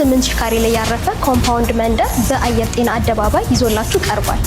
ስምንት ሺ ካሬ ላይ ያረፈ ኮምፓውንድ መንደር በአየር ጤና አደባባይ ይዞላችሁ ቀርቧል።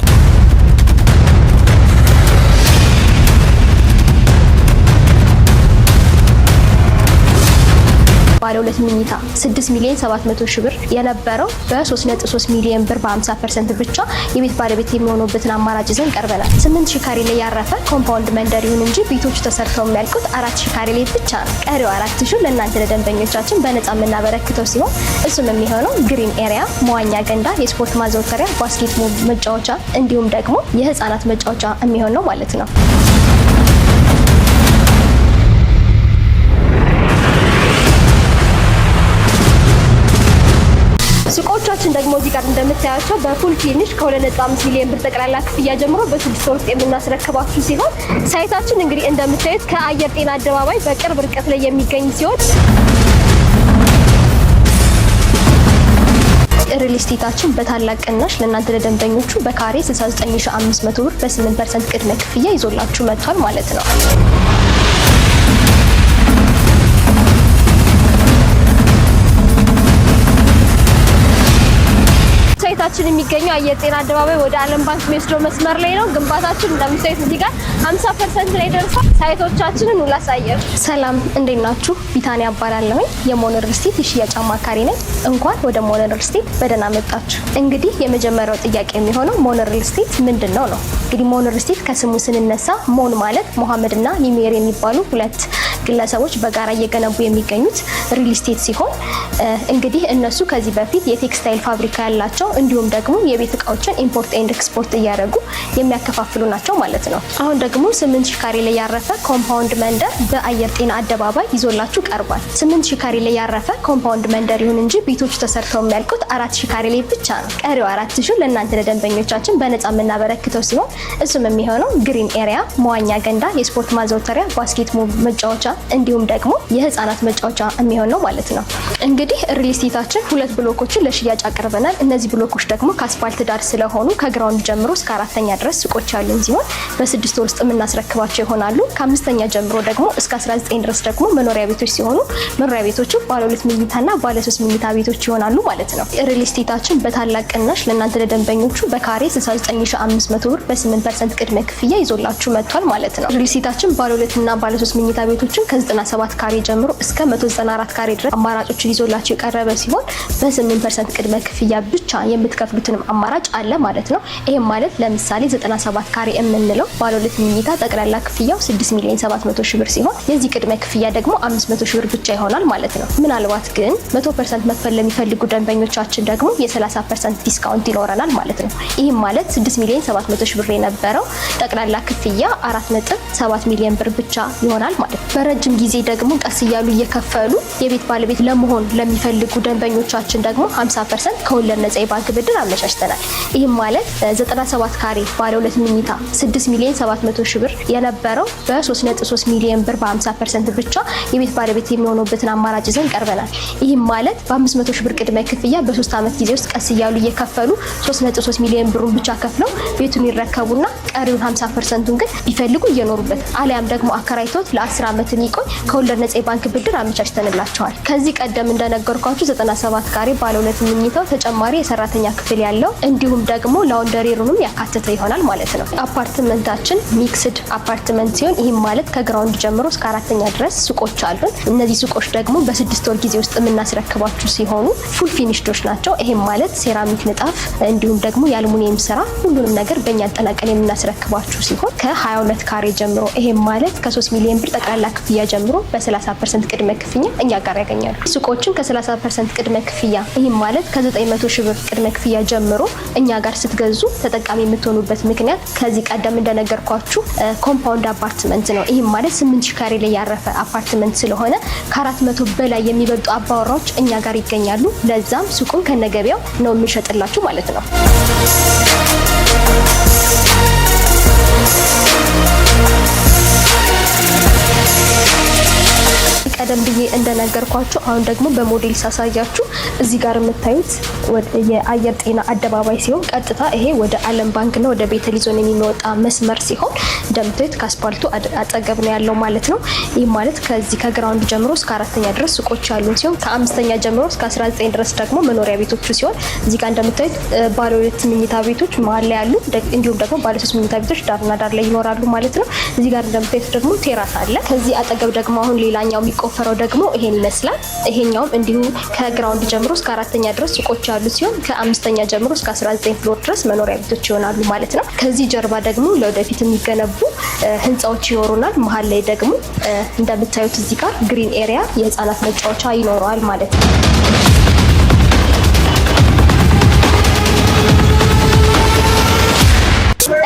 ባለ ሁለት መኝታ 6 ሚሊዮን 700 ሺህ ብር የነበረው በ3.3 ሚሊዮን ብር በ50 ፐርሰንት ብቻ የቤት ባለቤት የሚሆኑበትን አማራጭ ይዘን ቀርበናል። 8 ሺህ ካሬ ላይ ያረፈ ኮምፓውንድ መንደር ይሁን እንጂ ቤቶቹ ተሰርተው የሚያልቁት አራት ሺህ ካሬ ላይ ብቻ ነው። ቀሪው አራት ሺህ ለእናንተ ለደንበኞቻችን በነጻ የምናበረክተው ሲሆን እሱም የሚሆነው ግሪን ኤሪያ፣ መዋኛ ገንዳ፣ የስፖርት ማዘውተሪያ፣ ባስኬት መጫወቻ እንዲሁም ደግሞ የህፃናት መጫወቻ የሚሆን ነው ማለት ነው። ሱቆቻችን ደግሞ እዚህ ጋር እንደምታያቸው በፉል ፊኒሽ ከ2.5 ሚሊዮን ብር ጠቅላላ ክፍያ ጀምሮ በስድስት ወር የምናስረክባችሁ ሲሆን ሳይታችን እንግዲህ እንደምታዩት ከአየር ጤና አደባባይ በቅርብ ርቀት ላይ የሚገኝ ሲሆን ሪል ስቴታችን በታላቅ ቅናሽ ለእናንተ ለደንበኞቹ በካሬ 69500 ብር በ8 ፐርሰንት ቅድመ ክፍያ ይዞላችሁ መጥቷል ማለት ነው። ቤታችን የሚገኘው አየር ጤና አደባባይ ወደ ዓለም ባንክ የሚወስደው መስመር ላይ ነው። ግንባታችን እንደምታዩት እዚህ ጋር 50 ፐርሰንት ላይ ደርሷል። ሳይቶቻችንን ውላሳየር። ሰላም እንዴት ናችሁ? ቢታንያ እባላለሁኝ የሞኖር ስቴት የሽያጭ አማካሪ ነኝ። እንኳን ወደ ሞኖር ስቴት በደህና መጣችሁ። እንግዲህ የመጀመሪያው ጥያቄ የሚሆነው ሞኖር ስቴት ምንድን ነው ነው። እንግዲህ ሞኖር ስቴት ከስሙ ስንነሳ ሞን ማለት መሐመድ እና ኒሜር የሚባሉ ሁለት ግለሰቦች በጋራ እየገነቡ የሚገኙት ሪል ስቴት ሲሆን እንግዲህ እነሱ ከዚህ በፊት የቴክስታይል ፋብሪካ ያላቸው እንዲሁም ደግሞ የቤት እቃዎችን ኢምፖርት ኤንድ ኤክስፖርት እያደረጉ የሚያከፋፍሉ ናቸው ማለት ነው። አሁን ደግሞ ስምንት ሺ ካሬ ላይ ያረፈ ኮምፓውንድ መንደር በአየር ጤና አደባባይ ይዞላችሁ ቀርቧል። ስምንት ሺ ካሬ ላይ ያረፈ ኮምፓውንድ መንደር ይሁን እንጂ ቤቶች ተሰርተው የሚያልቁት አራት ሺ ካሬ ላይ ብቻ ነው። ቀሪው አራት ሺ ለእናንተ ለደንበኞቻችን በነጻ የምናበረክተው ሲሆን እሱም የሚሆነው ግሪን ኤሪያ፣ መዋኛ ገንዳ፣ የስፖርት ማዘውተሪያ፣ ባስኬት መጫወቻ እንዲሁም ደግሞ የህፃናት መጫወቻ የሚሆን ነው ማለት ነው። እንግዲህ ሪሊስቴታችን ሁለት ብሎኮችን ለሽያጭ አቅርበናል። እነዚህ ብሎኮች ደግሞ ከአስፋልት ዳር ስለሆኑ ከግራውንድ ጀምሮ እስከ አራተኛ ድረስ ሱቆች ያሉን ሲሆን በስድስት ወር ውስጥ የምናስረክባቸው ይሆናሉ። ከአምስተኛ ጀምሮ ደግሞ እስከ 19 ድረስ ደግሞ መኖሪያ ቤቶች ሲሆኑ መኖሪያ ቤቶቹ ባለ ሁለት ምኝታና ባለ ሶስት ቤቶች ይሆናሉ ማለት ነው። ሪሊስቴታችን በታላቅ ቅናሽ ለእናንተ ለደንበኞቹ በካሬ 69500 ብር በ8 ፐርሰንት ቅድመ ክፍያ ይዞላችሁ መጥቷል ማለት ነው። ሪሊስቴታችን ባለ ሁለትና ባለ ሶስት ቤቶች ቤቶችን ከ97 ካሬ ጀምሮ እስከ 194 ካሬ ድረስ አማራጮችን ይዞላቸው የቀረበ ሲሆን በ8 ፐርሰንት ቅድመ ክፍያ ብቻ የምትከፍሉትንም አማራጭ አለ ማለት ነው። ይህም ማለት ለምሳሌ 97 ካሬ የምንለው ባለሁለት መኝታ ጠቅላላ ክፍያው 6 ሚሊዮን 700 ሺህ ብር ሲሆን የዚህ ቅድመ ክፍያ ደግሞ 500 ሺህ ብር ብቻ ይሆናል ማለት ነው። ምናልባት ግን 100 ፐርሰንት መክፈል ለሚፈልጉ ደንበኞቻችን ደግሞ የ30 ፐርሰንት ዲስካውንት ይኖረናል ማለት ነው። ይህም ማለት 6 ሚሊዮን 700 ሺህ ብር የነበረው ጠቅላላ ክፍያ 4.7 ሚሊዮን ብር ብቻ ይሆናል ማለት ነው። ለረጅም ጊዜ ደግሞ ቀስ እያሉ እየከፈሉ የቤት ባለቤት ለመሆን ለሚፈልጉ ደንበኞቻችን ደግሞ 50 ፐርሰንት ከወለድ ነጻ የባንክ ብድር አመቻችተናል። ይህም ማለት 97 ካሬ ባለ ሁለት መኝታ 6 ሚሊዮን 700 ሺህ ብር የነበረው በ3.3 ሚሊዮን ብር በ50 ፐርሰንት ብቻ የቤት ባለቤት የሚሆኑበትን አማራጭ ይዘን ቀርበናል። ይህም ማለት በ500 ሺህ ብር ቅድመ ክፍያ በ3 ዓመት ጊዜ ውስጥ ቀስ እያሉ እየከፈሉ 3.3 ሚሊዮን ብሩን ብቻ ከፍለው ቤቱን ይረከቡና ቀሪውን 50 ፐርሰንቱን ግን ቢፈልጉ እየኖሩበት አሊያም ደግሞ አከራይቶት ለ10 ዓመት ስለሚቆይ ከወለድ ነጻ የባንክ ብድር አመቻችተንላቸዋል። ከዚህ ቀደም እንደነገርኳችሁ 97 ካሬ ባለ ሁለት ተጨማሪ የሰራተኛ ክፍል ያለው እንዲሁም ደግሞ ላውንደሪ ሩምም ያካተተ ይሆናል ማለት ነው። አፓርትመንታችን ሚክስድ አፓርትመንት ሲሆን ይህም ማለት ከግራውንድ ጀምሮ እስከ አራተኛ ድረስ ሱቆች አሉን። እነዚህ ሱቆች ደግሞ በስድስት ወር ጊዜ ውስጥ የምናስረክባችሁ ሲሆኑ ፉል ፊኒሽዶች ናቸው። ይህም ማለት ሴራሚክ ንጣፍ፣ እንዲሁም ደግሞ የአልሙኒየም ስራ ሁሉንም ነገር በእኛ አጠናቀን የምናስረክባችሁ ሲሆን ከ22 ካሬ ጀምሮ ይህም ማለት ከ3 ሚሊዮን ብር ጠቅላላ ክፍል ክፍያ ጀምሮ በ30 ፐርሰንት ቅድመ ክፍያ እኛ ጋር ያገኛሉ። ሱቆችን ከ30 ፐርሰንት ቅድመ ክፍያ ይህም ማለት ከ900 ሺህ ብር ቅድመ ክፍያ ጀምሮ እኛ ጋር ስትገዙ ተጠቃሚ የምትሆኑበት ምክንያት ከዚህ ቀደም እንደነገርኳችሁ ኮምፓውንድ አፓርትመንት ነው። ይህም ማለት 8 ሺህ ካሬ ላይ ያረፈ አፓርትመንት ስለሆነ ከ400 በላይ የሚበልጡ አባወራዎች እኛ ጋር ይገኛሉ። ለዛም ሱቁን ከነገበያው ነው የሚሸጥላችሁ ማለት ነው። We'll Thank you. ቀደም ብዬ እንደነገርኳችሁ አሁን ደግሞ በሞዴል ሳሳያችሁ እዚህ ጋር የምታዩት የአየር ጤና አደባባይ ሲሆን ቀጥታ ይሄ ወደ ዓለም ባንክና ወደ ቤተሊዝ ዞን የሚወጣ መስመር ሲሆን እንደምታዩት ከአስፓልቱ አጠገብ ነው ያለው ማለት ነው። ይህ ማለት ከዚህ ከግራውንድ ጀምሮ እስከ አራተኛ ድረስ ሱቆች ያሉን ሲሆን ከአምስተኛ ጀምሮ እስከ 19 ድረስ ደግሞ መኖሪያ ቤቶቹ ሲሆን እዚህ ጋር እንደምታዩት ባለ ሁለት ምኝታ ቤቶች መሀል ላይ ያሉ እንዲሁም ደግሞ ባለ ሶስት ምኝታ ቤቶች ዳርና ዳር ላይ ይኖራሉ ማለት ነው። እዚህ ጋር እንደምታዩት ደግሞ ቴራስ አለ። ከዚህ አጠገብ ደግሞ አሁን ሌላኛው የሚቆ የተቆፈረው ደግሞ ይሄን ይመስላል። ይሄኛውም እንዲሁ ከግራውንድ ጀምሮ እስከ አራተኛ ድረስ ሱቆች ያሉ ሲሆን ከአምስተኛ ጀምሮ እስከ 19 ፍሎር ድረስ መኖሪያ ቤቶች ይሆናሉ ማለት ነው። ከዚህ ጀርባ ደግሞ ለወደፊት የሚገነቡ ህንፃዎች ይኖሩናል። መሀል ላይ ደግሞ እንደምታዩት እዚህ ጋር ግሪን ኤሪያ የህፃናት መጫወቻ ይኖረዋል ማለት ነው።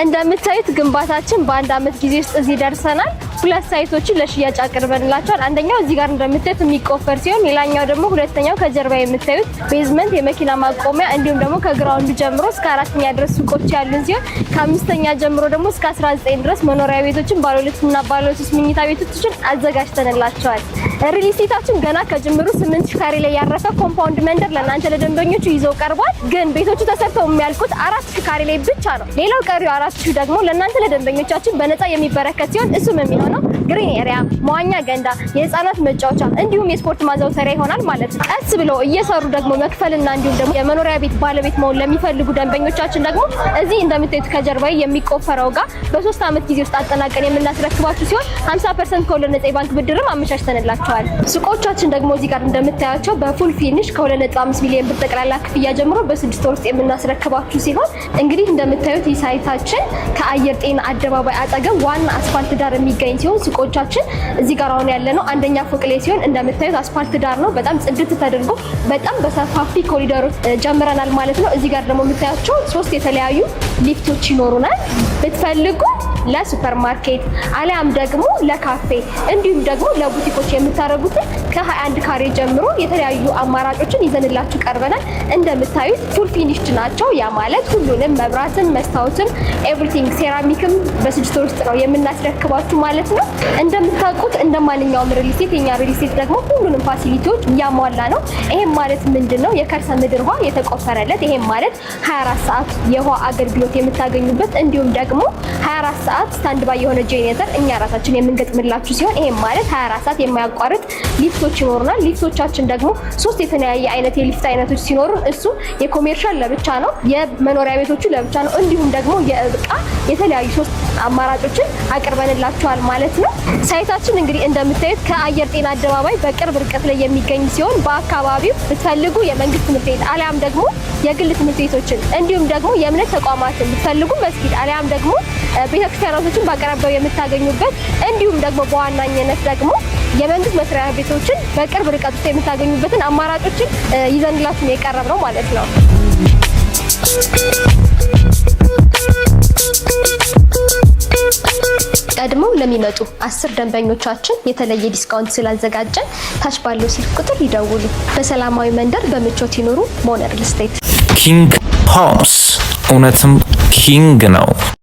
እንደምታዩት ግንባታችን በአንድ አመት ጊዜ ውስጥ እዚህ ደርሰናል። ሁለት ሳይቶችን ለሽያጭ አቅርበንላቸዋል። አንደኛው እዚህ ጋር እንደምታዩት የሚቆፈር ሲሆን ሌላኛው ደግሞ ሁለተኛው ከጀርባ የምታዩት ቤዝመንት የመኪና ማቆሚያ እንዲሁም ደግሞ ከግራውንድ ጀምሮ እስከ አራተኛ ድረስ ሱቆች ያሉን ሲሆን ከአምስተኛ ጀምሮ ደግሞ እስከ 19 ድረስ መኖሪያ ቤቶችን ባለሁለትና ባለሶስት ምኝታ ቤቶችን አዘጋጅተንላቸዋል። ሪል ስቴታችን ገና ከጅምሩ ስምንት ሺህ ካሬ ላይ ያረፈ ኮምፓውንድ መንደር ለእናንተ ለደንበኞቹ ይዘው ቀርቧል። ግን ቤቶቹ ተሰርተው የሚያልቁት አራት ሺህ ካሬ ላይ ብቻ ነው። ሌላው ቀሪው አራት ሺህ ደግሞ ለእናንተ ለደንበኞቻችን በነፃ የሚበረከት ሲሆን እሱም የሚሆነው ግሪን ኤሪያ፣ መዋኛ ገንዳ፣ የህፃናት መጫወቻ እንዲሁም የስፖርት ማዘውተሪያ ይሆናል ማለት ነው። ቀስ ብለው እየሰሩ ደግሞ መክፈልና እንዲሁም ደግሞ የመኖሪያ ቤት ባለቤት መሆን ለሚፈልጉ ደንበኞቻችን ደግሞ እዚህ እንደምታዩት ከጀርባዬ የሚቆፈረው ጋር በሶስት ዓመት ጊዜ ውስጥ አጠናቀን የምናስረክባችሁ ሲሆን 50 ፐርሰንት ከሁለት ነጻ የባንክ ብድርም አመቻችተንላቸዋል። ሱቆቻችን ደግሞ እዚህ ጋር እንደምታያቸው በፉል ፊኒሽ ከ2.5 ሚሊዮን ብር ጠቅላላ ክፍያ ጀምሮ በስድስት ወር ውስጥ የምናስረክባችሁ ሲሆን እንግዲህ እንደምታዩት ይህ ሳይታችን ከአየር ጤና አደባባይ አጠገብ ዋና አስፋልት ዳር የሚገኝ ሲሆን ሱቆቻችን እዚህ ጋር አሁን ያለ ነው አንደኛ ፎቅ ላይ ሲሆን እንደምታዩት አስፋልት ዳር ነው። በጣም ጽድት ተደርጎ በጣም በሰፋፊ ኮሪደሮች ጀምረናል ማለት ነው። እዚህ ጋር ደግሞ የምታያቸው ሶስት የተለያዩ ሊፍቶች ይኖሩናል። ብትፈልጉ ለሱፐርማርኬት አሊያም ደግሞ ለካፌ እንዲሁም ደግሞ ለቡቲኮች የምታደርጉትን ከ21 ካሬ ጀምሮ የተለያዩ አማራጮችን ይዘንላችሁ ቀርበናል። እንደምታዩት ፉል ፊኒሽድ ናቸው። ያ ማለት ሁሉንም መብራትም፣ መስታወትም፣ ኤቭሪቲንግ ሴራሚክም በስጅቶር ውስጥ ነው የምናስረክባችሁ ማለት ነው። እንደምታውቁት እንደ ማንኛውም ሪልስቴት የኛ ሪልስቴት ደግሞ ሁሉንም ፋሲሊቲዎች እያሟላ ነው። ይሄም ማለት ምንድን ነው? የከርሰ ምድር ውሃ የተቆፈረለት ይሄም ማለት 24 ሰዓት የውሃ አገልግሎት የምታገኙበት እንዲሁም ደግሞ 24 ሰዓት ስታንድ ባይ የሆነ ጄኔተር እኛ ራሳችን የምንገጥምላችሁ ሲሆን ይሄም ማለት 24 ሰዓት የማያቋርጥ ሊፍቶች ይኖሩናል። ሊፍቶቻችን ደግሞ ሶስት የተለያየ አይነት የሊፍት አይነቶች ሲኖሩ እሱ የኮሜርሻል ለብቻ ነው፣ የመኖሪያ ቤቶቹ ለብቻ ነው፣ እንዲሁም ደግሞ የእቃ የተለያዩ ሶስት አማራጮችን አቅርበንላቸዋል ማለት ነው። ሳይታችን እንግዲህ እንደምታዩት ከአየር ጤና አደባባይ በቅርብ ርቀት ላይ የሚገኝ ሲሆን በአካባቢው ብትፈልጉ የመንግስት ትምህርት ቤት አሊያም ደግሞ የግል ትምህርት ቤቶችን እንዲሁም ደግሞ የእምነት ተቋማትን ብትፈልጉ መስጊድ አሊያም ደግሞ ቤተክርስቲያናቶችን በአቅራቢያው የምታገኙበት እንዲሁም ደግሞ በዋናኝነት ደግሞ የመንግስት መስሪያ ቤቶችን በቅርብ ርቀት ውስጥ የምታገኙበትን አማራጮችን ይዘንላችሁ የቀረብ ነው ማለት ነው። ቀድመው ለሚመጡ አስር ደንበኞቻችን የተለየ ዲስካውንት ስላዘጋጀን ታች ባለው ስልክ ቁጥር ይደውሉ። በሰላማዊ መንደር በምቾት ይኖሩ። ሞነር ሪል ስቴት ኪንግ ሆምስ እውነትም ኪንግ ነው።